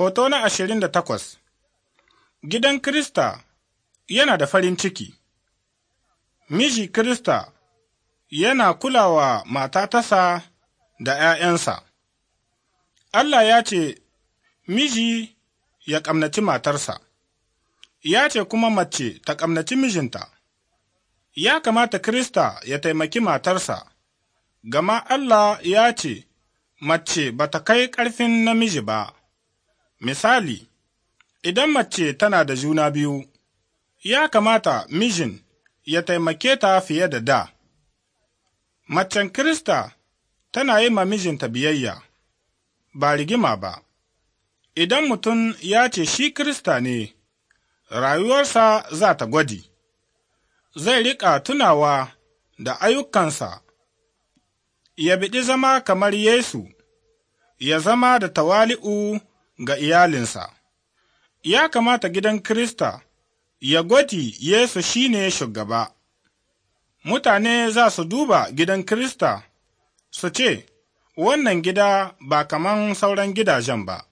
Hoto na ashirin da takwas Gidan Krista yana da farin ciki Miji Krista yana kulawa mata tasa da ’ya'yansa. Allah ya ce, Miji ya ƙamnaci matarsa, ya ce kuma mace ta ƙamnaci mijinta. Ya kamata Krista ya taimaki matarsa, gama Allah ya ce, Mace ba ta kai ƙarfin namiji ba. Misali, idan mace tana da juna biyu, ya kamata mijin ya taimake ta fiye da da. Macen Kirista tana yi ma mijinta biyayya, ba rigima ba. Idan mutum ya ce shi Kirista ne, rayuwarsa za ta gwadi, zai riƙa tunawa da ayyukansa, ya biɗi zama kamar Yesu, ya zama da tawali'u ga iyalinsa. Ya kamata gidan Krista ya gwati Yesu shi ne shugaba. Mutane za su duba gidan Krista su ce, Wannan gida ba kaman sauran gidajen ba.